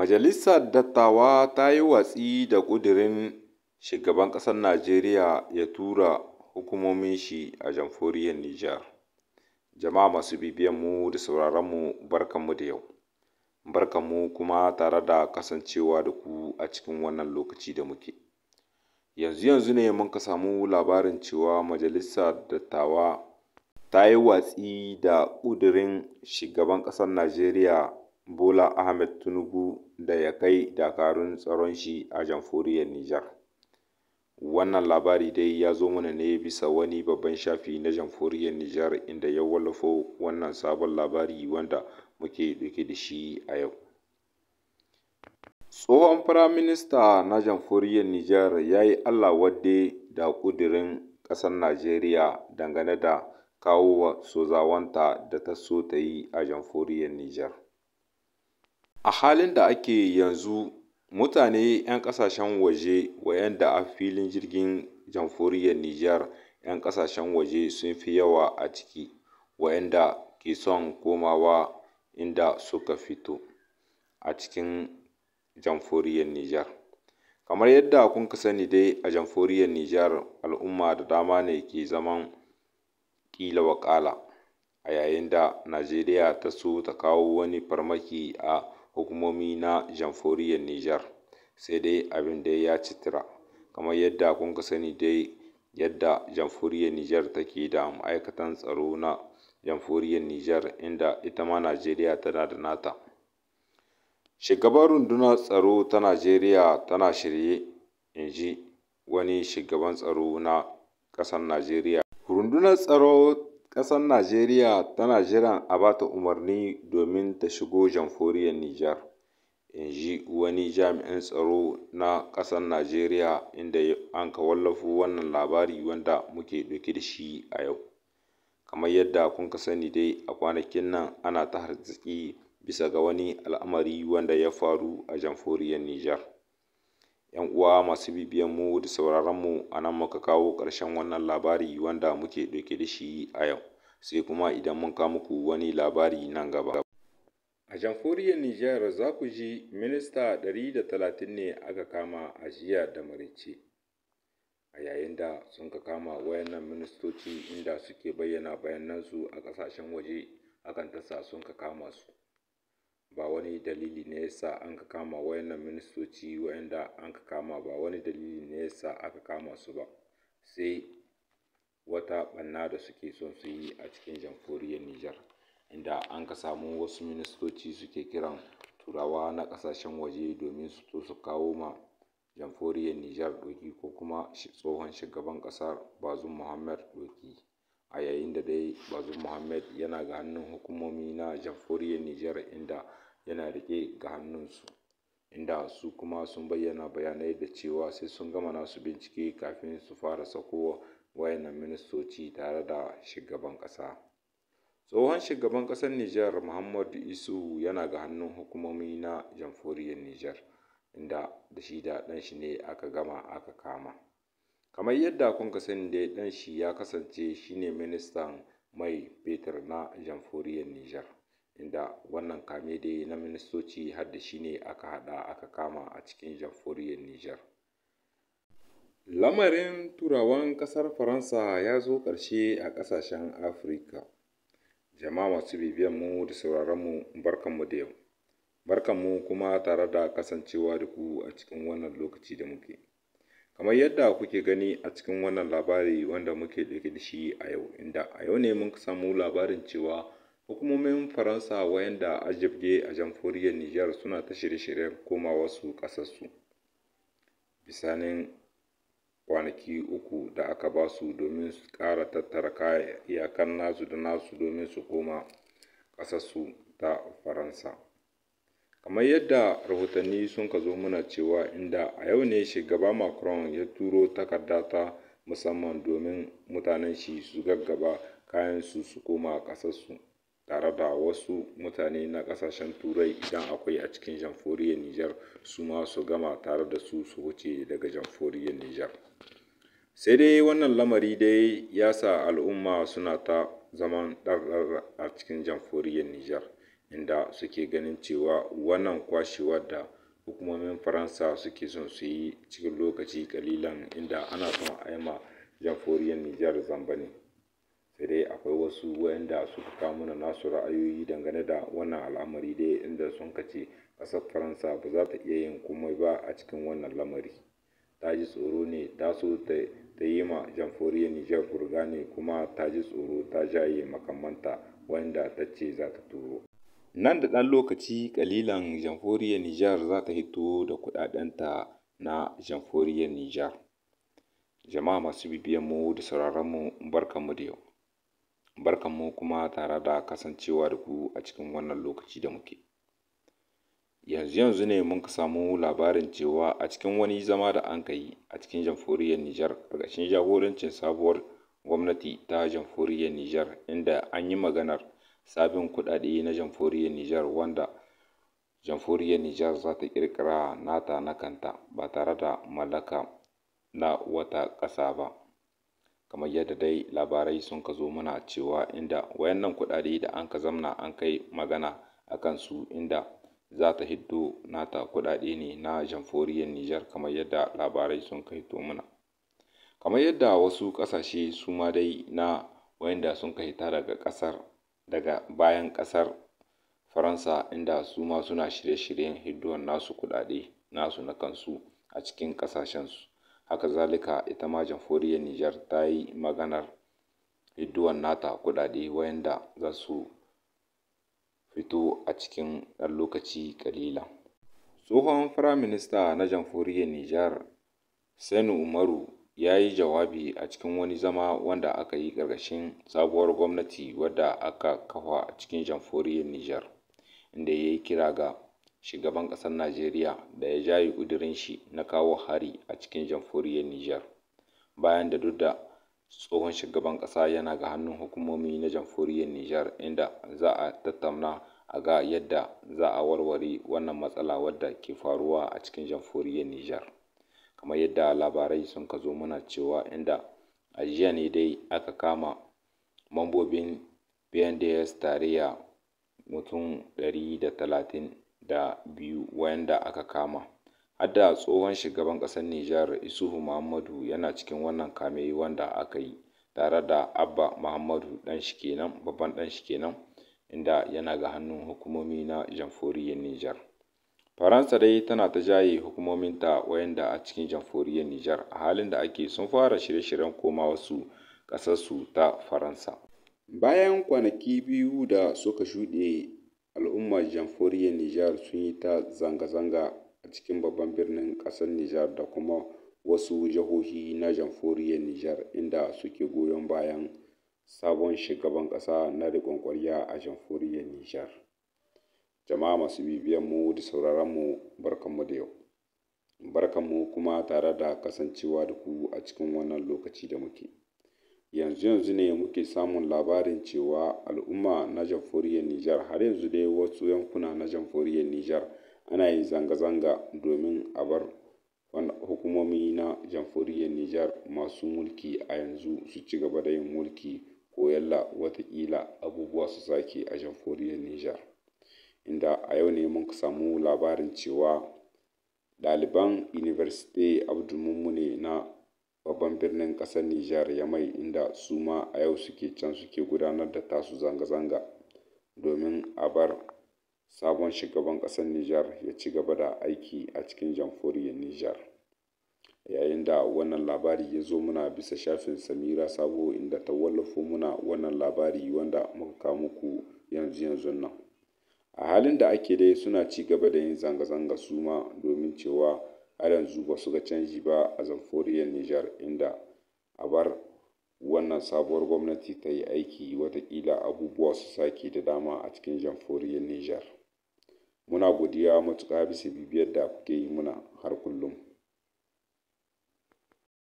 Majalisar Dattawa ta yi watsi da ƙudurin Shugaban ƙasar Najeriya ya tura hukumomin shi a jamhuriyar Nijar. Jama'a masu bibiyan mu da sauraron mu barkan mu da yau. mu kuma tare da kasancewa da ku a cikin wannan lokaci da muke. Yanzu yanzu ne mun ka samu labarin cewa Majalisar Dattawa ta yi watsi da ƙudurin Shugaban ƙasar Najeriya Bola Ahmed Tinubu da ya kai dakarun tsaron shi a jamhuriyar Nijar. Wannan labari dai ya zo mana ne bisa wani babban shafi na jamhuriyar Nijar inda ya wallafo wannan sabon labari wanda muke duke da shi a yau. Tsohon Firaminista na jamhuriyar Nijar ya yi Allah wadde da ƙudurin ƙasar Najeriya dangane da kawo wa da ta so ta yi a jamhuriyar Nijar. A halin da ake yanzu mutane 'yan ƙasashen waje waɗanda a filin jirgin jamhuriyar Nijar 'yan ƙasashen waje sun fi yawa a ciki waɗanda ke son komawa inda suka fito a cikin jamhuriyar Nijar. Kamar yadda kuka sani dai a jamhuriyar Nijar al'umma da dama ne ke zaman ƙila wa a yayin da Najeriya ta so ta kawo wani farmaki a hukumomi na jamhuriyar Nijar. Sai dai abin dai ya ci tura. Kamar yadda kun ka sani dai yadda jamhuriyar Nijar take da ma'aikatan tsaro na jamhuriyar Nijar inda ita ma Najeriya tana da nata. Shugaban rundunar tsaro ta Najeriya tana shirye, in ji wani shugaban tsaro na ƙasar Najeriya. Rundunar tsaro Ƙasar Najeriya tana jiran a ba ta umarni domin ta shigo jamhuriyar Nijar, in ji wani jami'in tsaro na ƙasar Najeriya inda ka wallafo wannan labari wanda muke ɗauke da shi a yau. Kamar yadda kuka sani dai a kwanakin nan ana ta hargitsi bisa ga wani al'amari wanda ya faru a jamhuriyar Nijar. 'yan uwa masu bibiyan mu da sauraron mu a nan muka kawo ƙarshen wannan labari wanda muke ɗauke da shi a yau sai kuma idan mun kawo muku wani labari nan gaba. A jamhuriyar Nijar za ku ji minista 130 ne aka kama a jiya da marice A yayin da sun ka kama wayannan ministoci inda suke bayyana bayanansu a ƙasashen waje akan tasa sun ka kama su. ba wani dalili ne yasa an ka kama wayannan ministoci wayanda an kama ba wani dalili ne yasa aka kama su ba sai wata ɓanna da suke son su yi a cikin jamhuriyar Nijar inda an ka samu wasu ministoci suke kiran turawa na ƙasashen waje domin su zo su kawo ma jamhuriyar Nijar doki ko kuma tsohon shugaban ƙasa Bazoum muhammad doki a yayin da dai Bazoum muhammad yana ga hannun hukumomi na jamhuriyar Nijar inda yana riƙe ga hannunsu inda su kuma sun bayyana bayanai da cewa sai sun gama nasu bincike kafin su fara sako wayannan ministoci tare da shugaban ƙasa tsohon shugaban ƙasar Nijar Muhammadu Isu yana ga hannun hukumomi na jamhuriyar Nijar inda da shi da ɗan shi ne aka gama aka kama kamar yadda kun sani dai ɗan shi ya kasance shine ministan mai fetur na jamhuriyar Nijar inda wannan kame dai na ministoci har da shi ne aka haɗa aka kama a cikin jamhuriyar Nijar. Lamarin turawan ƙasar Faransa ya zo ƙarshe a ƙasashen Afirka. Jama'a masu bibiyan mu da sauraron mu barkanmu da yau. barkan mu kuma tare da kasancewa da ku a cikin wannan lokaci da muke. Kamar yadda kuke gani a cikin wannan labari wanda muke ɗauke da shi a yau, inda a yau ne mun samu labarin cewa Hukumomin Faransa wayanda a jibge a jamhuriyar Nijar suna ta shirye-shiryen koma wasu ƙasarsu. Bisanin kwanaki uku da aka ba su domin su kara tattara kayan iyakan nasu da nasu domin su koma ƙasarsu ta Faransa. Kamar yadda rahotanni sun ka zo muna cewa inda a yau ne shugaba Macron ya turo takarda ta musamman domin mutanen shi su gaggaba kayan su su koma ƙasarsu. tare da wasu mutane na kasashen turai idan akwai a cikin jamhuriyar niger su ma su gama tare da su su wuce daga jamhuriyar niger sai dai wannan lamari dai ya sa al'umma suna ta zaman ɗarɗar a cikin jamhuriyar niger inda suke ganin cewa wannan kwashewar da hukumomin faransa suke son su yi cikin lokaci kalilan inda ana son aima jamhuriyar niger zamba ne sai dai akwai wasu wayanda suka kawo mana nasu ra'ayoyi dangane da wannan al'amari dai inda sun kace ƙasar faransa ba za ta iya yin komai ba a cikin wannan lamari ta ji tsoro ne ta so ta yi ma jamhuriyar nijar burga ne kuma ta ji tsoro ta jaye makamanta wanda ta ce za ta turo nan da ɗan lokaci kalilan jamhuriyar nijar za ta hito da kuɗaɗenta na jamhuriyar nijar jama'a masu bibiyanmu mu da sauraron mu barkan mu da yau barkanmu kuma tare da kasancewa da ku a cikin wannan lokaci da muke yanzu yanzu ne mun ka samu labarin cewa a cikin wani zama da an yi a cikin jamhuriyar Nijar ƙarƙashin jagorancin sabuwar gwamnati ta jamhuriyar Nijar inda an yi maganar sabin kuɗaɗe na jamhuriyar Nijar wanda jamhuriyar Nijar za ta ƙirƙira nata na kanta ba tare da mallaka na wata ƙasa ba kamar yadda dai labarai sun ka zo muna cewa inda wayannan kuɗaɗe da an ka zamna an kai magana a kansu inda za ta hiddo nata kuɗaɗe ne na jamforiyar Nijar kamar yadda labarai sun ka hito muna. Kamar yadda wasu ƙasashe su ma dai na wayanda sun ka hita daga ƙasar daga bayan ƙasar Faransa inda su ma suna shirye-shiryen hiddo nasu kuɗaɗe nasu na kansu a cikin ƙasashensu. haka zalika ita ma jamhuriyar Nijar ta yi maganar hidduwan nata kuɗaɗe wayanda za su fito a cikin ɗan lokaci ƙalilan. Tsohon Firaminista na jamhuriyar Nijar Sani Umaru ya yi jawabi a cikin wani zama wanda aka yi ƙarƙashin sabuwar gwamnati wadda aka kafa a cikin jamhuriyar Nijar, inda ya yi kira ga shugaban ƙasar Najeriya da ya jaye ƙudurin shi na kawo hari a cikin jamhuriyar Nijar, bayan da duk da tsohon shugaban ƙasa yana ga hannun hukumomi na jamhuriyar Nijar inda za a tattauna a ga yadda za a warware wannan matsala wadda ke faruwa a cikin jamhuriyar Nijar. Kamar yadda labarai sun ka zo muna cewa inda a jiya ne dai aka kama mambobin BNDS tarayya mutum ɗari da talatin. da biyu wayanda aka kama, har da tsohon shugaban ƙasar Nijar Isuhu Muhammadu yana cikin wannan kame wanda aka yi tare da Abba Muhammadu shi kenan babban shi kenan inda yana ga hannun hukumomi na Jamhuriyar Nijar. Faransa dai tana ta jaye hukumominta wayanda a cikin Jamhuriyar Nijar a halin da ake sun fara shirye-shiryen koma wasu ƙasarsu ta Faransa. Bayan kwanaki biyu da suka shuɗe al'ummar jamhuriyar Nijar sun yi ta zanga-zanga a cikin babban birnin ƙasar Nijar da kuma wasu jihohi na jamhuriyar Nijar inda suke goyon bayan sabon shugaban ƙasa na riƙon ƙwarya a jamhuriyar Nijar. Jama'a masu bibiyan mu da sauraron mu barkanmu da yau. Barkanmu kuma tare da kasancewa da ku a cikin wannan lokaci da muke. yanzu yanzu ne muke samun labarin cewa al'umma na jamhuriyar Nijar har yanzu dai wasu yankuna na jamhuriyar Nijar ana yin zanga-zanga domin a bar hukumomi na jamhuriyar Nijar masu mulki a yanzu su ci gaba da yin mulki ko yalla watakila abubuwa su sake a jamhuriyar Nijar. Inda a yau ne mun samu labarin cewa ɗaliban University Abdul na babban birnin ƙasar Nijar ya mai inda su ma a yau suke can suke gudanar da tasu zanga-zanga domin a bar sabon shugaban ƙasar Nijar ya ci gaba da aiki a cikin jamhuriyar Nijar. Yayin da wannan labari ya zo muna bisa shafin Samira Sabo inda ta wallafo muna wannan labari wanda muka kawo muku yanzu yanzun nan. A halin da ake dai suna ci gaba da yin zanga-zanga su ma domin cewa har yanzu ba su ga canji ba a zamforiyar Nijar inda a bar wannan sabuwar gwamnati ta yi aiki watakila abubuwa su sake da dama a cikin jamforiyar Nijar. Muna godiya matuƙa bisa bibiyar da kuke yi muna har kullum.